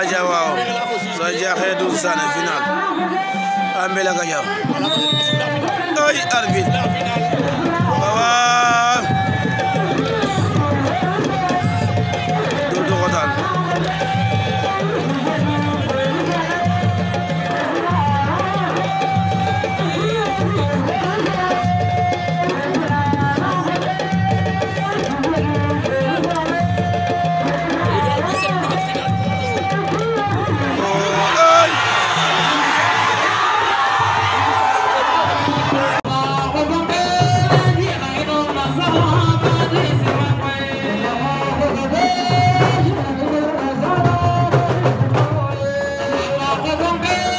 aja waaw so jaaxee du sane final ambela ka jaw ay arbitre Hey!